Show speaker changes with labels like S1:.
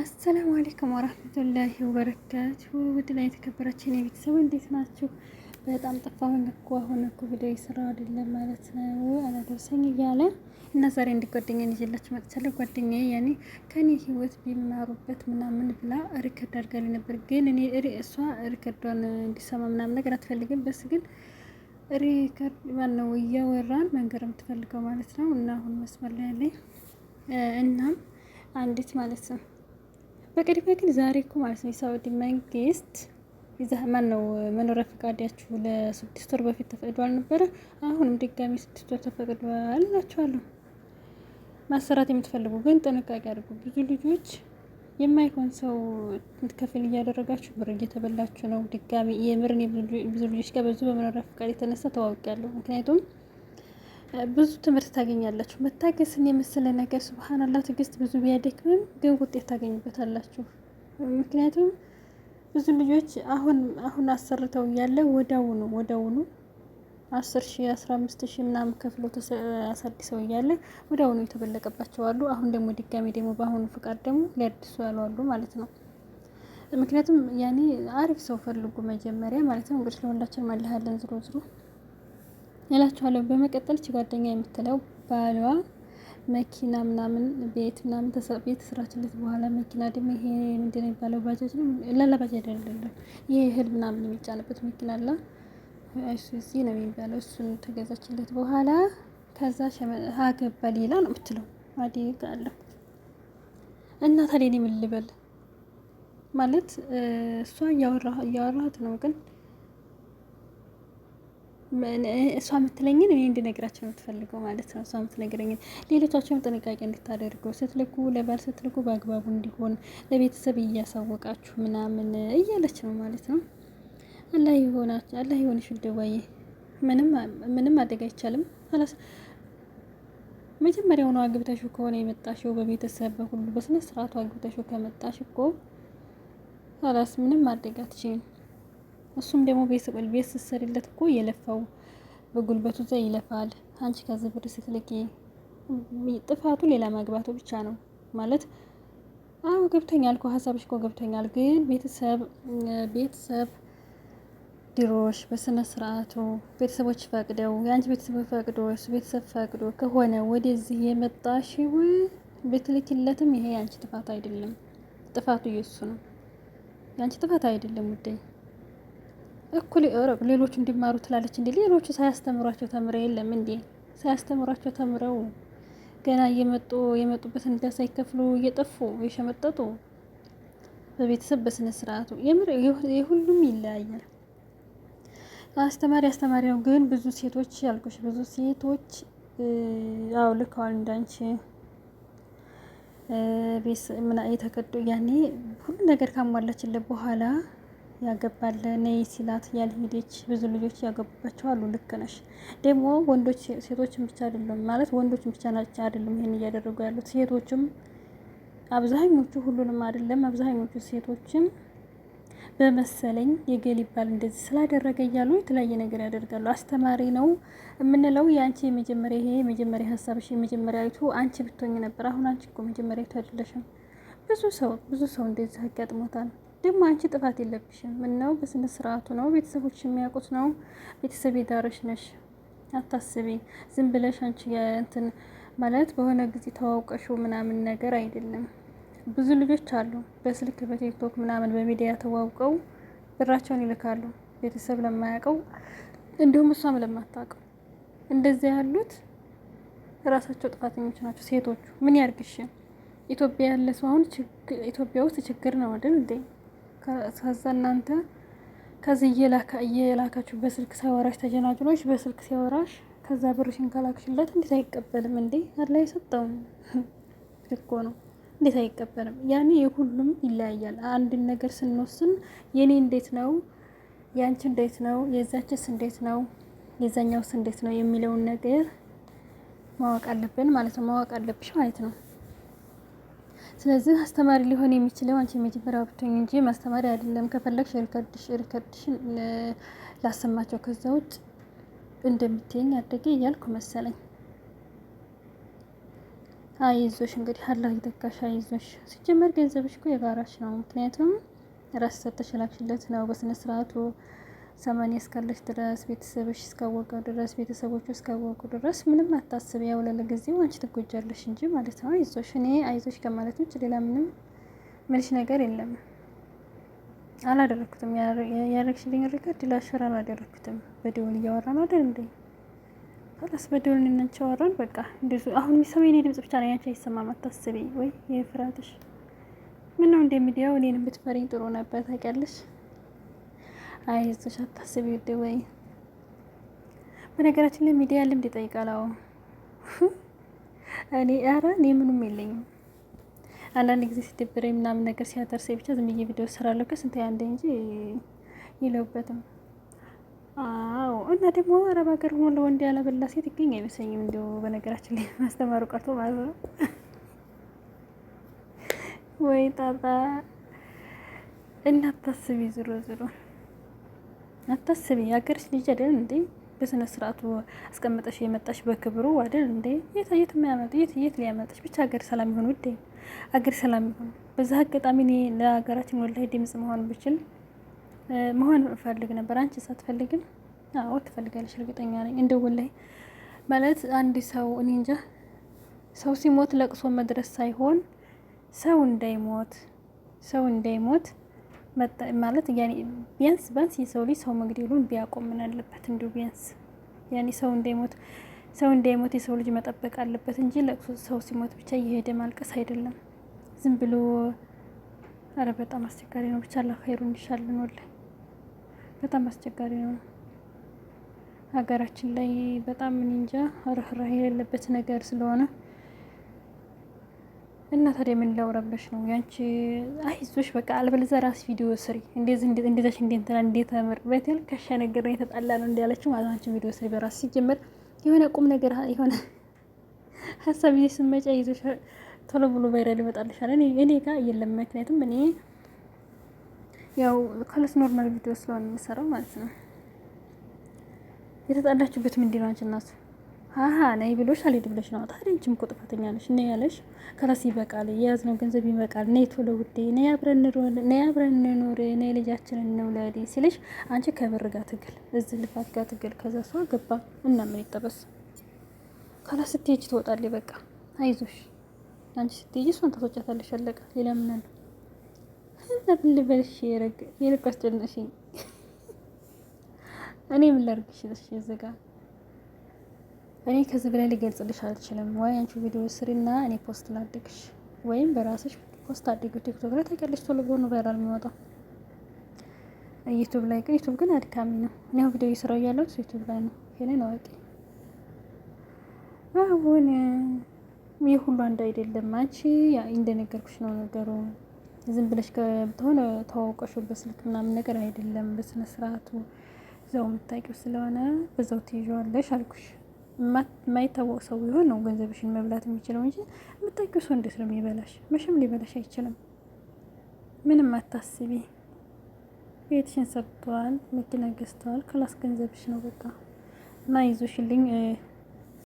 S1: አሰላሙ አለይኩም ወራህመቱላሂ ወበረካቱ። ውድና የተከበራችሁ የኔ ቤተሰብ እንዴት ናችሁ? በጣም ጠፋሁኝ እኮ አሁን እኮ ቪዲዮ የሰራው አይደለም ማለት ነው አላደርሰኝ እያለ እና ዛሬ እንዲ ጓደኛ ይዤላችሁ መጥቻለሁ። ጓደኛ ያኔ ከኔ ህይወት ቢማሩበት ምናምን ብላ ሪከርድ አድርጋልኝ ነበር፣ ግን እኔ እሷ ሪከርዷን እንዲሰማ ምናምን ነገር አትፈልግም። በስ ግን ሪከርድ ማነው እያወራን መንገር የምትፈልገው ማለት ነው። እና አሁን መስመር ላይ ያለኝ እናም አንዲት ማለት ነው በቅድሚያ ግን ዛሬ እኮ ማለት ነው የሳውዲ መንግስት ማን ነው መኖሪያ ፈቃዳችሁ ለስድስት ወር በፊት ተፈቅዷል ነበረ። አሁንም ድጋሚ ስድስት ወር ተፈቅዷል እላችኋለሁ። ማሰራት የምትፈልጉ ግን ጥንቃቄ አድርጉ። ብዙ ልጆች የማይሆን ሰው ከፍል እያደረጋችሁ ብር እየተበላችሁ ነው። ድጋሚ የምርን ብዙ ልጆች ጋር በዙ በመኖሪያ ፈቃድ የተነሳ ተዋውቅ ያለሁ ምክንያቱም ብዙ ትምህርት ታገኛላችሁ። መታገስን የመሰለ ነገር ስብሀናላ ትዕግስት ብዙ ቢያደክምም ግን ውጤት ታገኙበታላችሁ። ምክንያቱም ብዙ ልጆች አሁን አሁን አሰርተው እያለ ወዳውኑ ወዳውኑ አስር ሺ አስራ አምስት ሺ ምናምን ከፍሎ አሳድሰው እያለ ወዳውኑ የተበለቀባቸው አሉ። አሁን ደግሞ ድጋሚ ደግሞ በአሁኑ ፍቃድ ደግሞ ሊያድሱ ያሉ አሉ ማለት ነው። ምክንያቱም ያኔ አሪፍ ሰው ፈልጉ መጀመሪያ ማለት ነው። እንግዲህ ለሁላችንም መልሃለን ዝሮ ዝሮ እላችኋለሁ። በመቀጠል ች ጓደኛ የምትለው ባሏ መኪና ምናምን ቤት ምናምን ቤት ስራችለት በኋላ መኪና ደግሞ ይሄ ምንድን ነው የሚባለው? ባጃጅ ነው ለላ ባጃጅ አይደለም ይሄ እህል ምናምን የሚጫንበት መኪና አለ እዚህ ነው የሚባለው። እሱን ተገዛችለት በኋላ ከዛ አገባ ሌላ ነው የምትለው አደጋለሁ እና ታዲያ እኔ ምን ልበል ማለት እሷ እያወራት ነው ግን እሷ የምትለኝን እኔ እንድነግራቸው ነው የምትፈልገው ማለት ነው። እሷ የምትነግረኝን ሌሎቻቸውም ጥንቃቄ እንድታደርጉ ስትልኩ፣ ለባል ስትልኩ በአግባቡ እንዲሆን ለቤተሰብ እያሳወቃችሁ ምናምን እያለች ነው ማለት ነው። አላህ ይሆናችሁ፣ አላህ ይሆንሽ ደዋዬ። ምንም አደጋ አይቻልም። መጀመሪያው ነው አግብተሽው ከሆነ የመጣሽው በቤተሰብ በሁሉ በስነ ስርዓቱ አግብተሽው ከመጣሽ እኮ ላስ ምንም አደጋ አትችይም። እሱም ደግሞ ቤተሰብ ቤት ስትሰሪለት እኮ የለፋው በጉልበቱ ዘ ይለፋል። አንቺ ከዚህ ብር ስትልኪ ጥፋቱ ሌላ ማግባቱ ብቻ ነው ማለት አዎ ገብተኛል እኮ ሀሳብሽ እኮ ገብተኛል። ግን ቤተሰብ ቤተሰብ ድሮሽ በስነ ስርዓቱ ቤተሰቦች ፈቅደው የአንቺ ቤተሰብ ፈቅዶ እሱ ቤተሰብ ፈቅዶ ከሆነ ወደዚህ የመጣሽው ብትልኪለትም ይሄ የአንቺ ጥፋት አይደለም። ጥፋቱ የሱ ነው፣ የአንቺ ጥፋት አይደለም ውዴ። እኩል ሌሎቹ እንዲማሩ ትላለች እንዲ ሌሎቹ ሳያስተምሯቸው ተምረው የለም እንዴ? ሳያስተምሯቸው ተምረው ገና እየመጡ የመጡበትን እንዳ ሳይከፍሉ እየጠፉ የሸመጠጡ በቤተሰብ በስነ ስርዓቱ የሁሉም ይለያያል። አስተማሪ አስተማሪ ነው። ግን ብዙ ሴቶች ያልኩሽ ብዙ ሴቶች ያው ልከዋል እንዳንቺ ቤት ምና የተከዱ ያኔ ሁሉ ነገር ካሟላችለ በኋላ ያገባል ነይ ሲላት ያልሄደች ብዙ ልጆች ያገቡባቸው አሉ። ልክ ነሽ። ደግሞ ወንዶች ሴቶችን ብቻ አይደለም ማለት ወንዶችን ብቻ ናቸው አይደለም ይሄን እያደረጉ ያሉት ሴቶችም አብዛኞቹ፣ ሁሉንም አይደለም አብዛኞቹ ሴቶችም በመሰለኝ የገል ይባል እንደዚህ ስላደረገ እያሉ የተለያየ ነገር ያደርጋሉ። አስተማሪ ነው የምንለው የአንቺ የመጀመሪያ ይሄ የመጀመሪያ ሀሳብሽ የመጀመሪያዊቱ አንቺ ብትሆኝ ነበር። አሁን አንቺ እኮ መጀመሪያዊቱ አይደለሽም። ብዙ ሰው ብዙ ሰው እንደዚህ አጋጥሞታል። ደግሞ አንቺ ጥፋት የለብሽም። ነው በስነ ስርዓቱ ነው ቤተሰቦች የሚያውቁት ነው። ቤተሰብ የዳረሽ ነሽ፣ አታስቢ። ዝም ብለሽ አንቺ እንትን ማለት በሆነ ጊዜ ተዋውቀሽው ምናምን ነገር አይደለም። ብዙ ልጆች አሉ በስልክ በቲክቶክ ምናምን በሚዲያ ተዋውቀው ብራቸውን ይልካሉ ቤተሰብ ለማያውቀው እንዲሁም እሷም ለማታውቀው። እንደዚ ያሉት ራሳቸው ጥፋተኞች ናቸው። ሴቶቹ ምን ያርግሽ? ኢትዮጵያ ያለ ሰው አሁን ኢትዮጵያ ውስጥ ችግር ነው አይደል እንዴ? ከዛ እናንተ ከዚህ እየላካችሁ በስልክ ሲያወራሽ ተጀናጅኖች በስልክ ሲያወራሽ ከዛ ብርሽን ካላክሽለት እንዴት አይቀበልም እንዴ? አላ የሰጠውም እኮ ነው። እንዴት አይቀበልም? ያኔ የሁሉም ይለያያል። አንድን ነገር ስንወስን የኔ እንዴት ነው፣ ያንቺ እንዴት ነው፣ የዛችስ እንዴት ነው፣ የዛኛውስ እንዴት ነው የሚለውን ነገር ማወቅ አለብን ማለት ነው። ማወቅ አለብሽ ማለት ነው። ስለዚህ አስተማሪ ሊሆን የሚችለው አንቺ የመጀመሪያ ብትሆኝ እንጂ ማስተማሪ አይደለም። ከፈለግሽ ሪከርድሽ ሪከርድሽን ላሰማቸው ከዛ ውጭ እንደምትይኝ አድርጌ እያልኩ መሰለኝ። አይዞሽ እንግዲህ አላህ ይተካሽ። አይዞሽ ሲጀመር ገንዘብሽ እኮ የጋራሽ ነው። ምክንያቱም ራስ ሰተሽ ላክሽለት ነው በስነስርዓቱ ሰማኒያ እስካለች ድረስ ቤተሰብሽ እስካወቀ ድረስ ቤተሰቦቹ እስካወቁ ድረስ ምንም አታስብ። ያው ለጊዜው አንቺ ትጎጃለሽ እንጂ ማለት ነው። አይዞሽ እኔ አይዞሽ ከማለት ውጭ ሌላ ምንም ምልሽ ነገር የለም። አላደረኩትም። ያደረግሽልኝ ሪከርድ ላሽራ አላደረኩትም። በደውል እያወራ ነው አይደል እንዴ? ላስ በደውል እናንቺ አወራን። በቃ እንደዚ አሁን የሚሰማኝ የኔ ድምጽ ብቻ ነው። ያንቺ አይሰማም፣ አታስቢ። ወይ የፍራትሽ ምን ነው እንደሚዲያው እኔንም ብትፈሪኝ ጥሩ ነበር። ታውቂያለሽ አይዞሽ አታስቢ ውዴ። ወይ በነገራችን ላይ ሚዲያ ልምድ ይጠይቃል። አዎ እኔ ኧረ እኔ ምንም የለኝም። አንዳንድ ጊዜ ሲደብረኝ ምናምን ነገር ሲያደርሰኝ ብቻ ዝም ብዬ ቪዲዮ ስራለሁ ከስንት አንዴ እንጂ የለውበትም። አዎ እና ደግሞ አረብ ሀገር ሆኖ ለወንድ ያለበላ ሴት ይገኝ አይመስለኝም። እንዲሁ በነገራችን ላይ ማስተማሩ ቀርቶ ማለት ነው። ወይ ጣጣ እና አታስቢ ዞሮ አታስቢ፣ የሀገርሽ ልጅ አይደል እንዴ? በስነ ስርዓቱ አስቀምጠሽ የመጣሽ በክብሩ አይደል እንዴ? የት የት የሚያመጡ የት የት ሊያመጣሽ? ብቻ ሀገር ሰላም ይሁን ውዴ፣ ሀገር ሰላም ይሁን። በዛ አጋጣሚ እኔ ለሀገራችን ወላሂ ድምጽ መሆን ብችል መሆን እፈልግ ነበር። አንቺ ሳትፈልግም? አዎ ትፈልጋለሽ፣ እርግጠኛ ነኝ። እንደ ወላሂ ማለት አንድ ሰው እኔ እንጃ ሰው ሲሞት ለቅሶ መድረስ ሳይሆን ሰው እንዳይሞት ሰው እንዳይሞት ማለት ቢያንስ ቢያንስ የሰው ልጅ ሰው መግደሉን ቢያቆም ምን አለበት? እንዲሁ ቢያንስ ያኔ ሰው እንዳይሞት ሰው እንዳይሞት የሰው ልጅ መጠበቅ አለበት እንጂ ለቅሶ ሰው ሲሞት ብቻ እየሄደ ማልቀስ አይደለም። ዝም ብሎ አረ በጣም አስቸጋሪ ነው። ብቻ ለኸይሩ እንሻልን ወለ በጣም አስቸጋሪ ነው። ሀገራችን ላይ በጣም እንጃ ርኅራሄ የሌለበት ነገር ስለሆነ እና ታዲያ ምን ላውራበሽ ነው? ያንቺ አይዞሽ በቃ አልበለዚያ ራስ ቪዲዮ ስሪ እንደዚህ እንደዚህ እንትና እንደተምር በትል ከሻ ነገር ነው የተጣላ ነው እንዳለችው ማለት አንቺ ቪዲዮ ስሪ በራስ ሲጀመር የሆነ ቁም ነገር የሆነ ሀሳብ ይዘሽ ስትመጪ አይዞሽ ቶሎ ብሎ ቫይራል ይመጣልሻል። እኔ እኔ ጋር የለም። ምክንያቱም እኔ ያው ከለስ ኖርማል ቪዲዮ ስለሆነ የምሰራው ማለት ነው። የተጣላችሁበት ምንድን ነው አንቺ እና አሀ ነይ ብሎሽ አልሄድ ብለሽ ነው። ታዲያ አንቺም እኮ ጥፋተኛ ነሽ። እኔ ያለሽ ከራስ ይበቃል፣ የያዝነው ገንዘብ ይበቃል። ነይ ቶሎ ውዴ፣ ነይ አብረን እንኖር፣ ነይ ልጃችንን እንውለድ ሲልሽ አንቺ ከብር ጋር ትግል፣ እዚህ ልፋት ጋር ትግል፣ ከዛ ሰው ገባ እና ምን ይጠበስ። ከራስ ስትሄጂ ትወጣለች። በቃ አይዞሽ፣ አንቺ ስትሄጂ እሷን ታስወጫታለሽ። አለቀ። ሌላ ምን አለ? ልበልሽ የረግ የልብ አስጨነቅሽኝ። እኔ ምን ላድርግሽ? እዚህ ጋር እኔ ከዚህ በላይ ልገልጽልሽ አልችልም። ወይ አንቺ ቪዲዮ ስሪና እኔ ፖስት ላድግሽ፣ ወይም በራስሽ ፖስት አድርጊው። ቲክቶክ ላይ ተቀልሽ። ቶሎ ነው ቫይራል የሚወጣው ዩቱብ ላይ ግን ዩቱብ ግን አድካሚ ነው። እኔ ቪዲዮ እየሰራሁ ያለሁት ዩቱብ ላይ ነው። ይሄንን አዋቂ አሁን ይህ ሁሉ አንድ አይደለም። አንቺ እንደነገርኩሽ ነው ነገሩ። ዝም ብለሽ ከተሆነ ተዋውቀሽ በስልክ ምናምን ነገር አይደለም። በስነ ስርዓቱ እዛው የምታውቂው ስለሆነ በዛው ትይዣዋለሽ አልኩሽ። ማይታወቅ ሰው ቢሆን ነው ገንዘብሽን መብላት የሚችለው እንጂ የምታውቂው ሰው እንዴት ነው የሚበላሽ? መቼም ሊበላሽ አይችልም። ምንም አታስቢ። ቤትሽን ሰርተዋል፣ መኪና ገዝተዋል፣ ክላስ ገንዘብሽ ነው በቃ እና ይዞሽልኝ